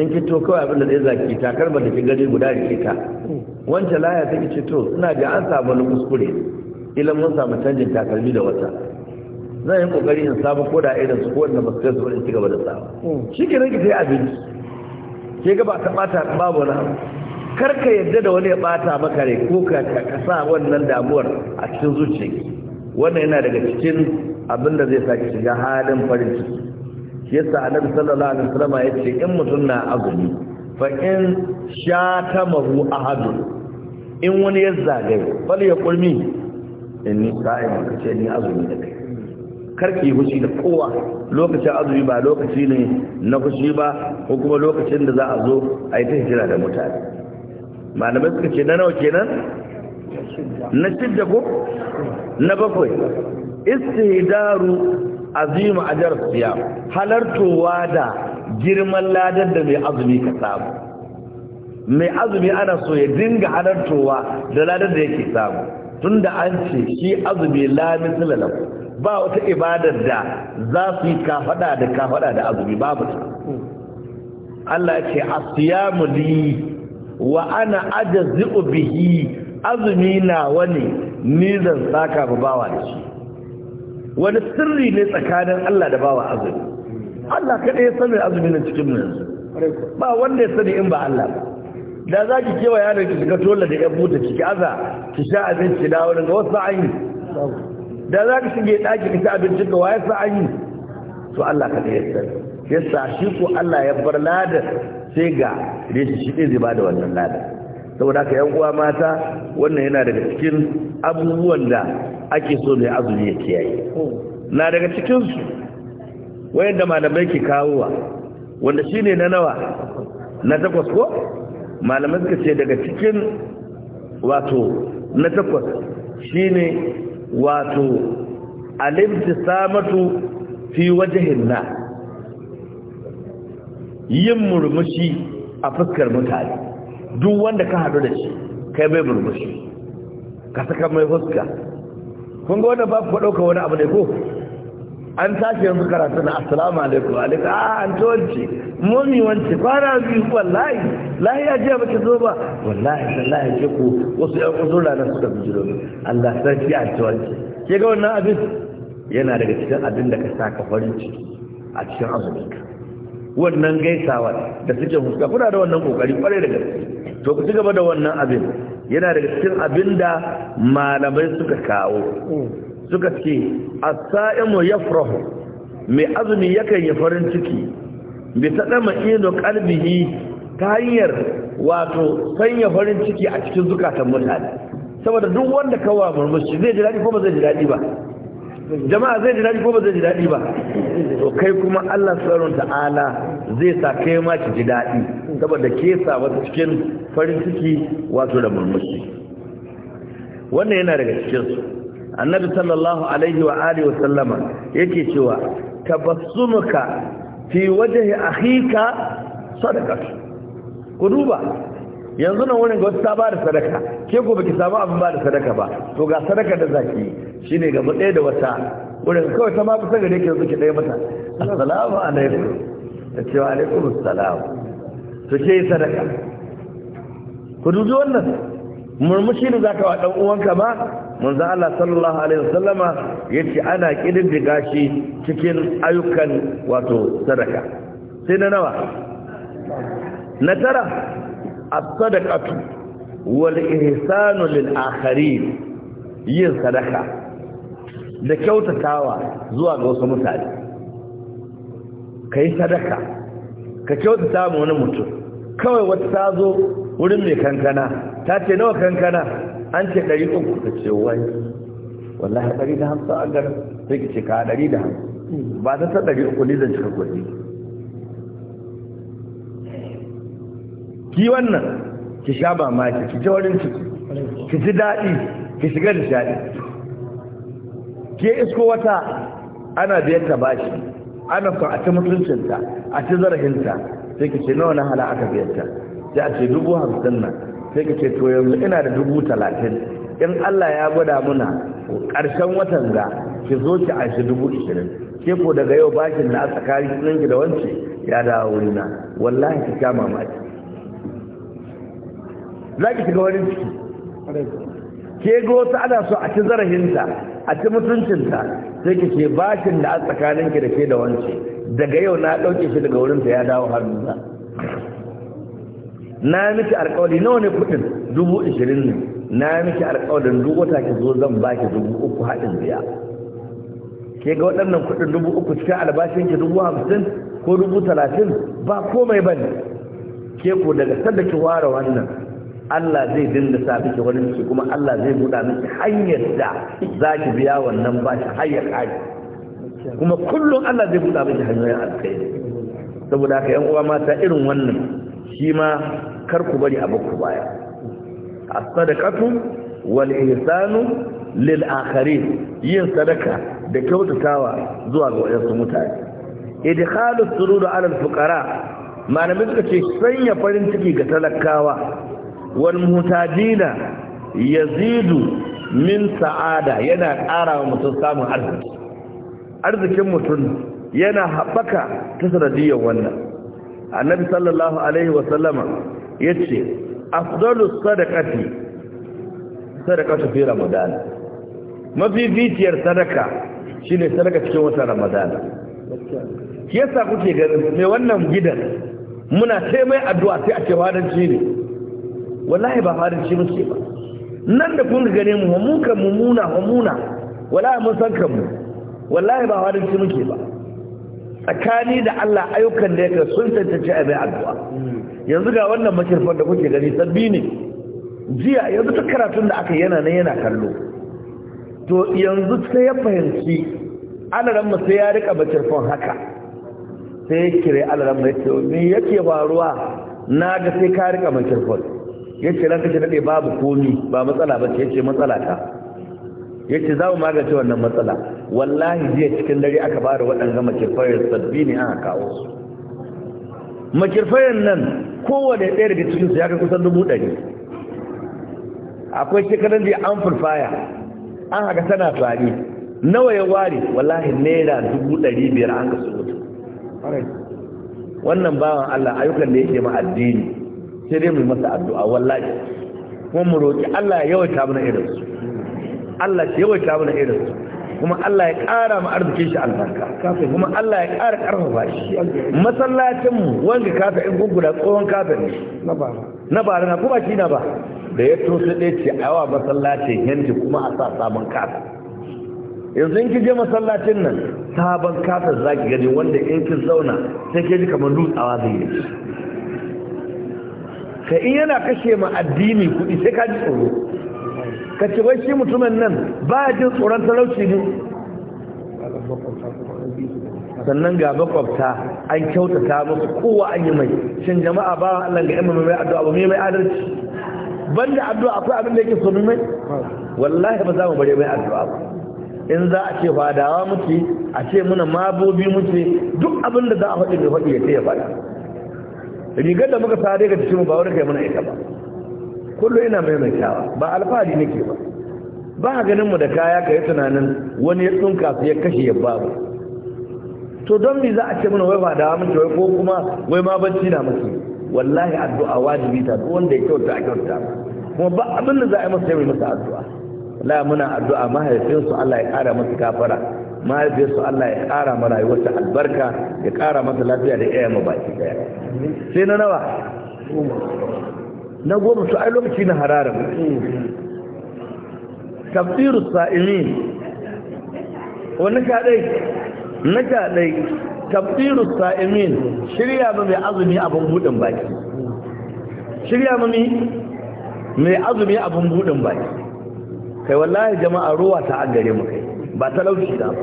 in ki to kawai abin da zai zaki ta karba da ki gani guda da ke ta wancan laya ta ce to ina da an samu wani kuskure ilan mun samu canjin takalmi da wata zan yi kokari in samu ko da irin su ko wanda ba su kai su wani cigaba da samu hmm. shi ke rage sai abinci ke ga ba ka bata babu na kar ka yadda da wani ya bata maka ne ko ka sa wannan damuwar a cikin zuciya wannan yana daga cikin abin da zai sa ki shiga halin farin ciki shi yasa annabi sallallahu alaihi wasallam ya ce in mutum na azumi fa in mahu ahadu in wani ya zagaye fal ya qulmi inni ka ce ni azumi da kai karki hushi da kowa lokacin azumi ba lokaci ne na hushi ba ko kuma lokacin da za a zo a yi ta hijira da mutane malamai suka ce na nawa kenan na shidda ko na bakwai istihdaru azimu ajar siyam halartowa da girman ladar da mai azumi ka samu mai azumi ana so ya dinga halartowa da ladar da yake samu tunda an ce shi azumi la mislalahu ba wata ibadar da za su yi kafaɗa da kafaɗa da azumi babu ta Allah ce asiyamu li wa ana ajzi'u bihi azumi na wani nizan saka ba bawa da shi wani sirri ne tsakanin Allah da bawa azumi Allah kaɗai ya sani azumi na cikin mu yanzu ba wanda ya sani in ba Allah ba da za ki kewa yaron ki shiga tola da ya buta ki aza ki sha abinci da wani ga wasu ayi da za ka shige ɗaki ka abinci abincin ka waye sa an yi to Allah ka da ya yasa shi ko Allah ya bar lada sai ga reshi shi ɗaya zai ba da wannan lada saboda haka yan uwa mata wannan yana daga cikin abubuwan da ake so mai azumi ya kiyaye na daga cikin su da malamai ke kawowa wanda shine na nawa na takwas ko malamai suka ce daga cikin wato na takwas shine wato alimtisamatu fi wajhin na yin murmushi a fuskar mutane duk wanda ka hadu da shi kai bai murmushi ka saka mai fuska kun ga wanda ba ku ka wani abu ne ko an tashi yanzu karatu na assalamu alaikum alaikum a ah, an tuwanci momi wance kwana biyu wallahi lahi ya jiya baki zo ba wallahi sallahi ke ku wasu yan uzura na suka bijiro Allah sarki ci tuwanci ke ga wannan abin yana daga cikin abin da ka ka farin ciki a cikin azumin ka wannan gaisawa da suke huska kuna da wannan kokari kwarai da gaske to ku ci gaba da wannan abin yana daga cikin abin da malamai suka kawo suka ce a saimu furahu mai azumi yakan yi farin ciki bai tadama ino ƙalbihi ta hanyar wato sanya farin ciki a cikin zukatan mutane saboda duk wanda kawa murmushi zai ji daɗi ko ba zai ji daɗi ba jama'a zai ji daɗi ko ba zai ji daɗi ba to kai kuma Allah subhanahu ta'ala zai sa kai ma ki ji daɗi saboda ke sa wata cikin farin ciki wato da murmushi wannan yana daga cikin su annabi sallallahu alaihi wa alihi wa sallama yake cewa tabassumuka fi wajhi akhika sadaka ku duba yanzu nan wurin ga wasu ta ba da sadaka ke ko baki samu abin ba da sadaka ba to ga sadaka da zaki shine gaba ɗaya da wata wurin kawai ta ma kusa gare ki yanzu ki dai mata assalamu alaikum ce wa alaikum assalam to ke sadaka ku duba wannan murmushi ne zaka wa dan uwanka ba. manzo Allah sallallahu alaihi wasallama yace ana kididdiga shi cikin ayyukan wato sadaka sai na nawa na tara as-sadaqatu wal ihsanu lil akharin yin sadaka da kyautatawa zuwa ga wasu mutane kai sadaka ka kyautata ma wani mutum kawai wata ta zo wurin mai kankana ta ce nawa kankana an ce ɗari uku ka ce wani wallahi ɗari da hamsin a gar sai ki ce ka ɗari da hamsin ba ta ta ɗari uku ne zan cika kuɗi ki wannan ki sha ba ma ki ji wurin ciki ki ji daɗi ki shiga da shaɗi ke isko wata ana biyan ta bashi ana son a ci mutuncinta a ci zarafinta sai ki ce nawa na hala aka biyan ta sai a ce dubu hamsin nan sai ka ce to yanzu ina da dubu talatin in Allah ya gwada muna ƙarshen watan ga ki zo ki anshi dubu ishirin ke ko daga yau bakin na tsakanin ki da wance ya dawo na wallahi ki sha mamaki za ki shiga wani ciki ke ga wasu ana so a ci zarafinta a ci mutuncinta sai ki ce bakin da a tsakanin ki da ke da wance daga yau na ɗauke shi daga wurinta ya dawo hannuna na miki alƙawari nawa ne kuɗin dubu ishirin ne na miki alƙawarin duk wata ki zo zan ba ki dubu uku haɗin biya ke ga waɗannan kuɗin dubu uku cikin albashin ki dubu hamsin ko dubu talatin ba komai ba ne ke ko daga sadda ki ware wannan Allah zai dinga sa miki wani miki kuma Allah zai buɗa miki hanyar da za ki biya wannan bashi shi hanyar kare kuma kullum Allah zai buɗa miki hanyoyin alkhairi saboda haka yan uwa mata irin wannan shi ma kar ku bari abu ku baya as-sadaqatu wal ihsanu lil akharin yin sadaka da kyautatawa zuwa ga wayansu mutane idkhalu sururu ala al fuqara malamin suka ce sanya farin ciki ga talakawa wal mutadina yazidu min sa'ada yana ƙara wa mutum samun arziki arzikin mutum yana haɓaka ta sanadiyar wannan annabi sallallahu alaihi wasallama ya ce afdalus sadaqati sadaqatu fi ramadan mafificiyar sadaka shine sadaka cikin watan ramadan yasa kuke ganin mai wannan gidan muna sai mai addu'a sai a ce fadanci ne wallahi ba fadanci muke ba nan da kun gane mu mun kan mu muna mu muna wallahi mun san mu wallahi ba fadanci muke ba tsakani da Allah ayyukan da yake sun tantance a mai addu'a yanzu ga wannan makirfan da kuke gani sabbi ne jiya yanzu ta karatun da aka yana nan yana kallo to yanzu sai ya fahimci alaran mu sai ya rika makirfan haka sai ya kire alaran mu ce me yake faruwa na ga sai ka rika makirfan yace ranka shi dade babu komi ba matsala ba yace matsala ta yace za mu magance wannan matsala wallahi jiya cikin dare aka bada waɗanda makirfayar sabbi ne aka kawo su makirfayar nan kowane ɗaya daga cikinsu ya kai kusan dubu ɗari akwai shekarun da an furfaya an haka tana fari nawa ya ware wallahi naira dubu ɗari biyar an ka surutu wannan bawan allah ayyukan da yake ma addini sai dai mai masa addu'a wallahi kuma mu roƙi allah ya yawaita mana irinsu allah ya yawaita mana irinsu kuma Allah ya ƙara mu arzikin shi albarka kuma Allah ya ƙara ƙarfafa shi masallacin mu wanda kafa in gungura tsohon kafin ne na bara na kuma shi na ba da ya to ɗaya ce a yawa masallacin yanzu kuma a sa sabon kafa yanzu in kije masallacin nan sabon kafa ki gani wanda in kin zauna sai ke ji kamar dutsawa zai yi ka in yana kashe ma addini kuɗi sai ka ji tsoro ka ce wai shi mutumin nan ba jin tsoron talauci ne sannan ga makwabta an kyautata musu kowa an yi mai shin jama'a ba Allah ga imamu mai addu'a ba mai mai adalci banda addu'a akwai abin da yake so mai wallahi ba za mu bari mai addu'a ba in za a ce fadawa muke a ce muna mabobi muke duk abin da za a faɗi mai faɗi ya ce ya faɗa rigar da muka sare ga cikin ba wani kai muna ita ba kullu ina maimaitawa ba alfahari nake ba ba a da kaya ka yi tunanin wani ya tsunka su ya kashe ya babu to don mi za a ce mana wai ba da mace wai ko kuma wai ma bacci na mace wallahi addu'a wajibi ta duk wanda ya kyauta a kyauta kuma ba abin da za a yi masa yawai masa addu'a la muna addu'a mahaifinsu Allah ya kara masa kafara mahaifinsu Allah ya kara mana rayuwarsa albarka ya kara masa lafiya da iyayen mu baki daya sai na nawa na goma su ai lokaci na hararar tafsiru sa'imin wani kaɗai na kaɗai tafsiru sa'imin shirya ba mai azumi abin buɗin baki shirya ba mai azumi abin buɗin baki kai wallahi jama'a ruwa ta agare mu kai ba talauci ta ba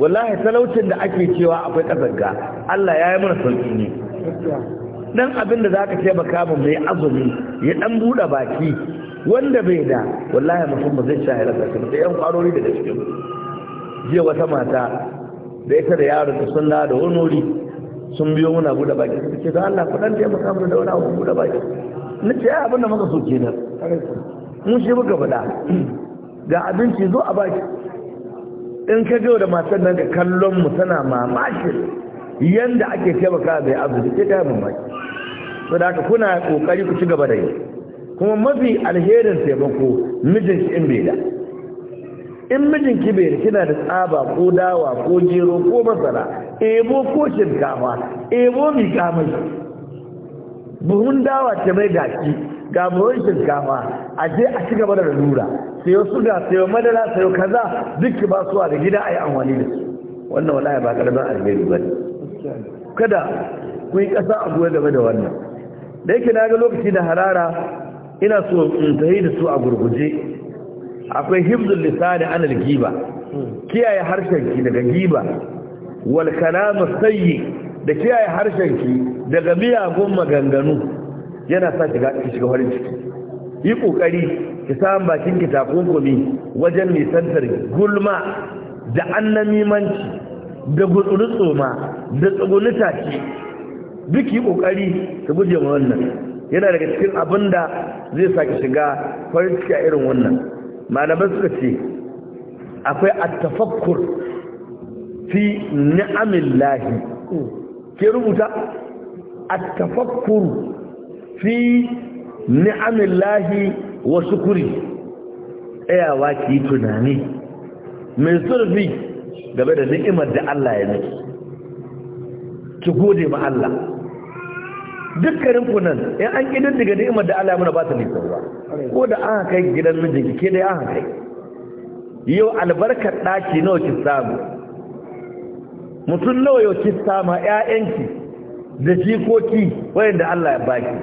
wallahi talaucin da ake cewa akwai ƙasar ga Allah ya yi mana sauƙi ne dan abin da zaka taimaka mu mai azumi ya dan buɗe baki wanda bai da wallahi mutum ba zai shahara da shi da yan kwarori da cikin jiya wata mata da ita da yaron ta sun da wani sun biyo muna buɗe baki suka ce don Allah ku dan taimaka mu da wani abu buɗe baki na ce abin da muka so kenan mun shi muka faɗa ga abinci zo a baki in ka ga da matan nan da kallon mu tana mamakin yanda ake taimaka mai arziki sai ta mamaki so da haka kuna kokari ku ci gaba da yi kuma mafi alherin taimako mijin in bai da in mijin ki bai kina da tsaba ko dawa ko jero ko masara ebo ko shinkafa ebo mi kamai buhun dawa ta mai gaki ga buhun shinkafa a je a ci gaba da lura sayo suga sayo madara sayo kaza duk ki ba suwa da gida a yi amfani da su wannan ya ba karamin alheri bane kada ku yi ƙasa a goya game da wannan da yake na ga lokaci da harara ina so in tahi da su a gurguje akwai hibzul lisani anil giba kiyaye harshenki daga giba wal kalam sayyi da kiyaye harshenki daga miyagun maganganu yana sa shiga shiga farin ciki yi kokari ki samu bakin ki takunkumi wajen nisantar gulma da annamimanci da gutsuri tsoma da tsagoni tashi duk yi kokari ka guje ma wannan yana daga cikin abin da zai saki shiga farin ciki a irin wannan malaman suka ce akwai attafakkur fi ni'amin lahi ke rubuta attafakkur fi ni'amin lahi wa shukuri tsayawa ki tunani mai surfi game da ni'imar da Allah ya miki ki gode ma Allah dukkanin ku nan in an kidan daga ni'imar da Allah ya muna ba ta nisa ba ko da aka kai gidan mijinki ke dai aka kai yau albarkar daki nawa ki samu mutum nawa yau ki sama ƴaƴanki da jikoki wayanda Allah ya baki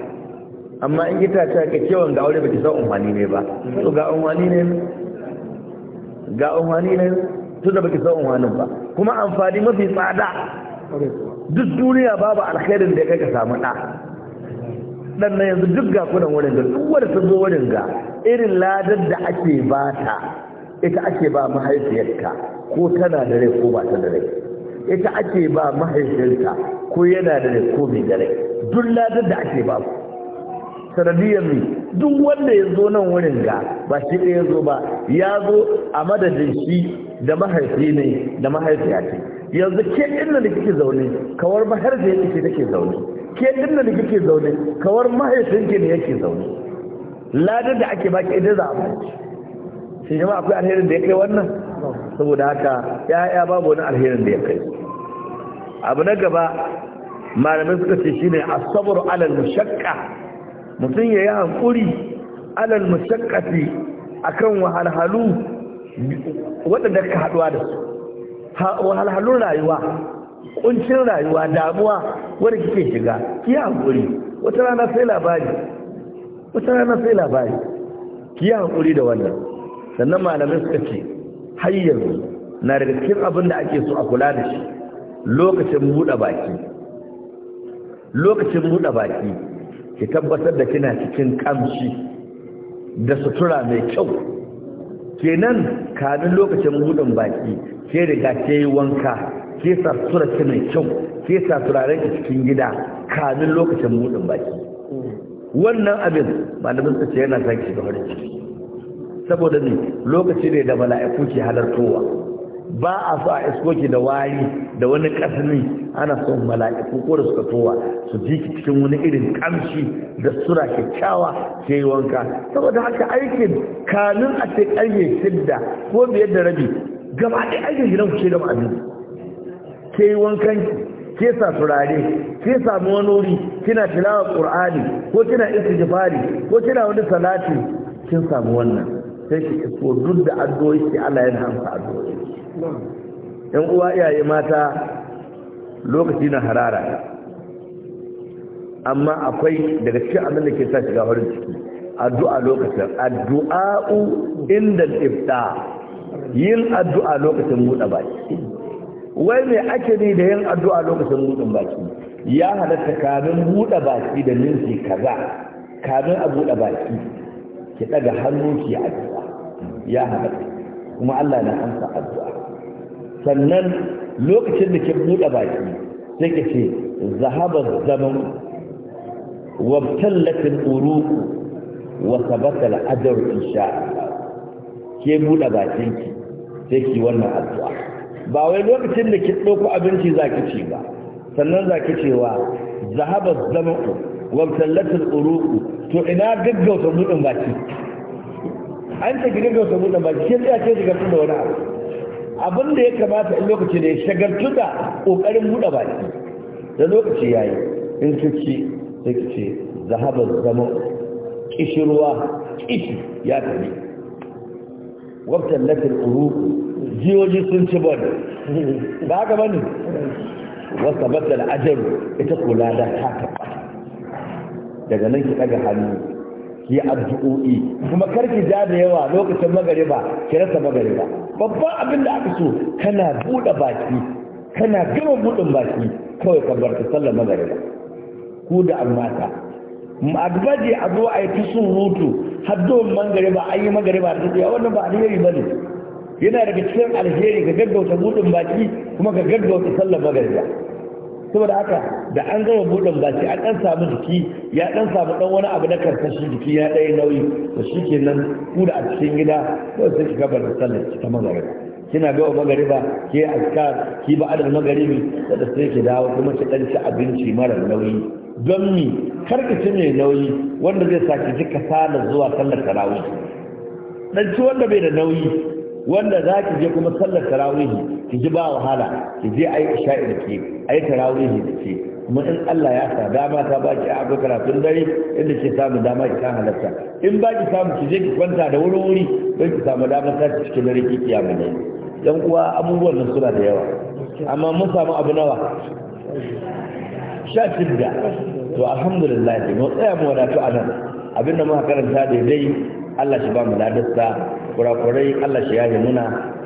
amma in kita ta ka cewa ga aure baki san umani ne ba to ga umani ne ga umani ne tun da baki samun wanin ba kuma amfani mafi tsada duk duniya babu alkhairin da ya kai ka samu ɗa dan na yanzu duk ga kunan wurin ga duk wanda sun zo wurin ga irin ladar da ake ba ta ita ake ba mahaifiyarka ko tana da rai ko ba ta da rai ita ake ba mahaifiyarka ko yana da rai ko bai da rai duk ladar da ake ba sanadiyar ne duk wanda ya zo nan wurin ga ba shi ɗaya zo ba ya zo a madadin shi da mahaifi ne da mahaifiya ce yanzu ke inda da kike zaune kawar mahaifiya ce take zaune ke inda da kike zaune kawar mahaifinki ne yake zaune ladar da ake baki idan za a baci shi jama akwai alherin da ya kai wannan saboda haka ya'ya babu wani alherin da ya kai abu na gaba malamin suka ce shine asabar alal mushakka mutum ya yi hankuri alal mushakkati akan wahalhalu waɗanda ka haɗuwa da su wahalhalun rayuwa ƙuncin rayuwa damuwa wadda kike shiga ki hankuri wata rana sai labari wata rana sai labari ki yi hankuri da wannan sannan malamai suka ce hayyar na daga cikin abin da ake so a kula da shi lokacin buɗe baki lokacin buɗe baki ki tabbatar da kina cikin kamshi da sutura mai kyau kenan kamin lokacin buɗin baki ke riga ke yi wanka ke sa sura ce mai kyau ke sa turaren ki cikin gida kamin lokacin buɗin baki wannan abin malamin su ce yana sa ki shiga farin ciki saboda ne lokaci ne da mala'iku ke halartowa ba a so a isko ki da wari da wani kasmi ana son mala'iku ko da suka towa su ji cikin wani irin kamshi da sura kyakkyawa ke yi wanka saboda haka aikin kanun a ce ƙarfe shidda ko biyar da rabi gaba ɗaya aikin gidan ku ce gama abin ke yi wankan ke sa turare ke samu wani wuri kina tilawa ƙur'ani ko kina istighfari ko kina wani salati kin samu wannan sai ki ko duk da addu'o'i ki Allah yana hamsa addu'o'i yan uwa iyaye mata lokaci na harara amma akwai daga cikin abin da ke sa shiga farin ciki addu'a lokacin addu'a'u inda ifta yin addu'a lokacin buɗe baki wai mai ake ne da yin addu'a lokacin buɗe baki ya halatta kamin buɗe baki da minti kaza kamin a buɗe baki ki ɗaga hannu ki addu'a ya halatta kuma Allah na amsa addu'a sannan lokacin da ke buɗe baki sai ka ce zahabar zaman wabtallatin uruku wa sabata al'adar insha ke buɗe bakinki sai ki wannan addu'a ba wai lokacin da ki ɗauko abinci za ki ce ba sannan za ki cewa zahabar zaman wabtallatin uruku to ina gaggauta buɗin baki an ce ki gaggauta buɗin baki ke tsaya ce shiga tun da wani abu abin da ya kamata in lokaci da ya shagartu da ƙoƙarin buɗe baki da lokaci ya yi in ka ci sai ce zahabar zama ƙishirwa ƙishi ya tafi wabtar latin uru jiyoji sun ci bane ba ka bane wasa batar ajaru ita kula da ta daga nan ki ɗaga hannu ki addu'o'i kuma karki ki ja da yawa lokacin magariba ki rasa magariba babban abin da aka so kana bude baki kana gama budin baki kawai ka bar ta sallar magariba ku da ammata agbaje a zo a yi ta surutu haddon magariba an yi magariba da tafiya wannan ba alheri ba yana daga cikin alheri ga gaggauta budin baki kuma ga gaggauta sallar magariba saboda haka da an gama buɗin baki an ɗan samu jiki ya ɗan samu ɗan wani abu na karkashin jiki ya ɗaya nauyi da shi ke nan ku a cikin gida ko sai ki gaba da sallar ta magariba kina ga wa magariba ke askar ki ba adal magaribi da sai ki dawo kuma ki ɗan ci abinci mara nauyi don mi ci mai nauyi wanda zai sa ki ji kasala zuwa sallar tarawih dan ci wanda bai da nauyi wanda za ki je kuma sallar tarawih ki ji ba wahala ki je ayi isha'i da ke ayi tarawihi da ke kuma in Allah ya sa dama ta ba ki abu karatun dare inda ke samu dama ki kan halarta in ba ki samu ki je ki kwanta da wuri wuri don ki samu dama ta cikin dare ki kiyama ne dan uwa abubuwan nan suna da yawa amma mun samu abu nawa sha shidda to alhamdulillah ne mu tsaya mu wadatu a nan abinda muka karanta daidai Allah shi ba mu ladarsa kurakurai Allah shi yi muna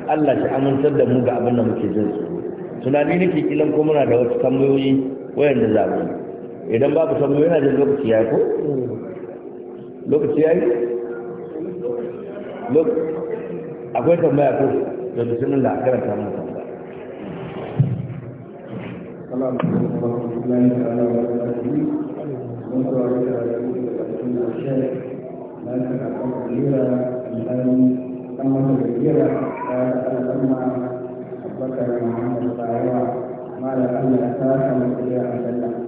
Allah shi amintar da mu ga abin da muke jin su tunani nake kilan ko muna da wasu tambayoyi wayanda da mu idan babu tambayoyi na da lokaci ya ko lokaci ya yi akwai tambaya ko da bisimin da karanta mu tambaya Assalamu alaikum warahmatullahi wabarakatuh. Mun tsawata da da da da da da da masa gajiyar al'umma abubakar muhammad tsayawa malam allah ta samu a aljanna